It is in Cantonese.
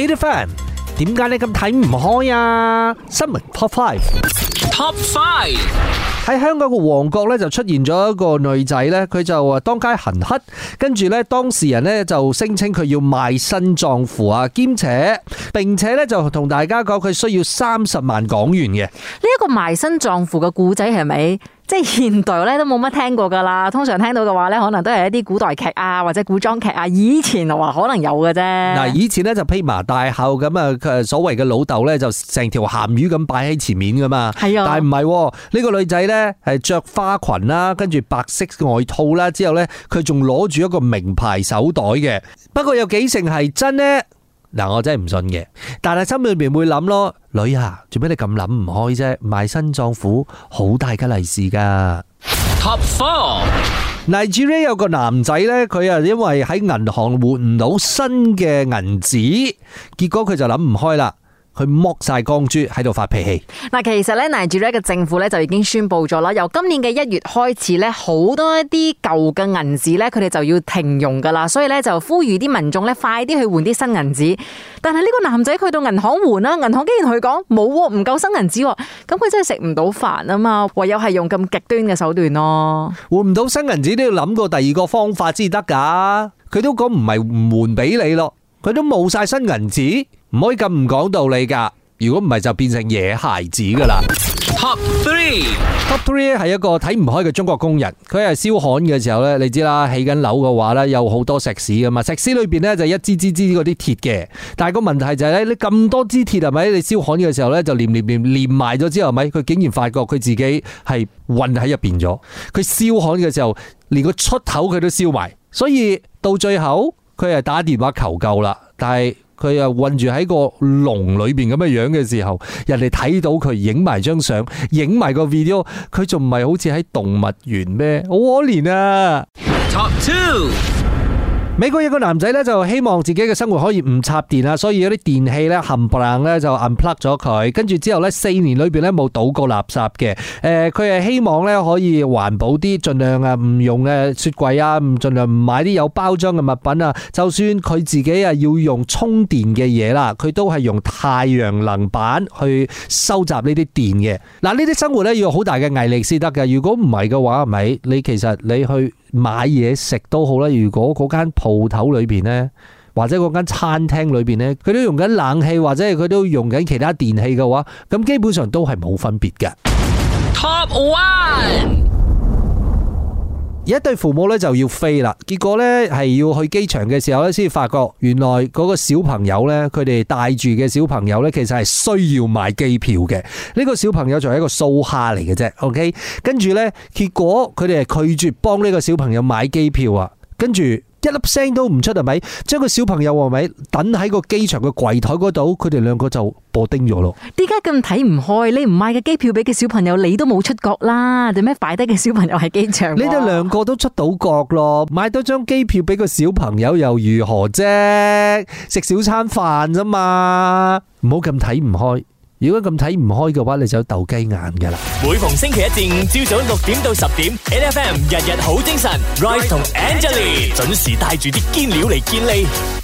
呢啲 a r fan，點解你咁睇唔開啊？新聞 Top Five，Top Five 喺香港個旺角咧，就出現咗一個女仔咧，佢就話當街行乞，跟住咧當事人咧就聲稱佢要賣身葬父啊，兼且並且咧就同大家講佢需要三十萬港元嘅。呢一個賣身葬父嘅故仔係咪？即係現代咧都冇乜聽過噶啦，通常聽到嘅話咧，可能都係一啲古代劇啊或者古裝劇啊。以前話可能有嘅啫。嗱，以前咧就披麻戴孝咁啊，佢所謂嘅老豆咧就成條鹹魚咁擺喺前面噶嘛。係啊。但係唔係，呢個女仔咧係着花裙啦，跟住白色外套啦，之後咧佢仲攞住一個名牌手袋嘅。不過有幾成係真咧？嗱，我真係唔信嘅，但係心裏面會諗咯，女啊，做咩你咁諗唔開啫？賣身葬父，好大嘅利是噶。Top four，黎志瑞有個男仔呢，佢啊因為喺銀行換唔到新嘅銀紙，結果佢就諗唔開啦。去剝晒光豬喺度發脾氣。嗱，其實咧 Nigeria 嘅政府咧就已經宣布咗啦，由今年嘅一月開始咧，好多一啲舊嘅銀紙咧，佢哋就要停用噶啦。所以咧，就呼籲啲民眾咧，快啲去換啲新銀紙。但係呢個男仔去到銀行換啦，銀行竟然佢講冇，唔夠、啊、新銀紙、啊。咁佢真係食唔到飯啊嘛，唯有係用咁極端嘅手段咯、啊。換唔到新銀紙都要諗過第二個方法先得噶。佢都講唔係唔換俾你咯。佢都冇晒新銀紙，唔可以咁唔講道理噶。如果唔係，就變成野孩子噶啦。Top three，top three 係一個睇唔開嘅中國工人。佢係燒焊嘅時候呢，你知啦，起緊樓嘅話呢，有好多石屎噶嘛。石屎裏邊呢，就一支支支嗰啲鐵嘅。但係個問題就係呢，你咁多支鐵係咪？你燒焊嘅時候呢，就連連連連埋咗之後，咪佢竟然發覺佢自己係混喺入邊咗。佢燒焊嘅時候，連個出口佢都燒埋，所以到最後。佢係打電話求救啦，但係佢又困住喺個籠裏邊咁嘅樣嘅時候，人哋睇到佢影埋張相，影埋個 video，佢仲唔係好似喺動物園咩？好可憐啊！Top Two！美國一個男仔咧，就希望自己嘅生活可以唔插電啊，所以有啲電器咧冚唪唥咧就 unplug 咗佢，跟住之後咧四年裏邊咧冇倒過垃圾嘅。誒、呃，佢係希望咧可以環保啲，盡量啊唔用誒雪櫃啊，盡量唔買啲有包裝嘅物品啊。就算佢自己啊要用充電嘅嘢啦，佢都係用太陽能板去收集呢啲電嘅。嗱、呃，呢啲生活咧要有好大嘅毅力先得嘅。如果唔係嘅話，係咪？你其實你去。買嘢食都好啦，如果嗰間鋪頭裏邊呢，或者嗰間餐廳裏邊呢，佢都用緊冷氣，或者佢都用緊其他電器嘅話，咁基本上都係冇分別嘅。Top one。一對父母咧就要飛啦，結果咧係要去機場嘅時候咧，先發覺原來嗰個小朋友咧，佢哋帶住嘅小朋友咧，其實係需要買機票嘅。呢個小朋友就係一個蘇蝦嚟嘅啫，OK。跟住咧，結果佢哋係拒絕幫呢個小朋友買機票啊。跟住一粒聲都唔出係咪？將個小朋友係咪等喺個機場嘅櫃檯嗰度？佢哋兩個就播丁咗咯。點解咁睇唔開？你唔買個機票俾個小朋友，你都冇出國啦。點咩擺低嘅小朋友喺機場？你哋兩個都出到國咯，買多張機票俾個小朋友又如何啫？食小餐飯咋嘛？唔好咁睇唔開。如果咁睇唔開嘅話，你就鬥雞眼噶啦！每逢星期一至五朝早六點到十點，NFM 日日好精神，Rise 同 Angelie 準時帶住啲堅料嚟見你。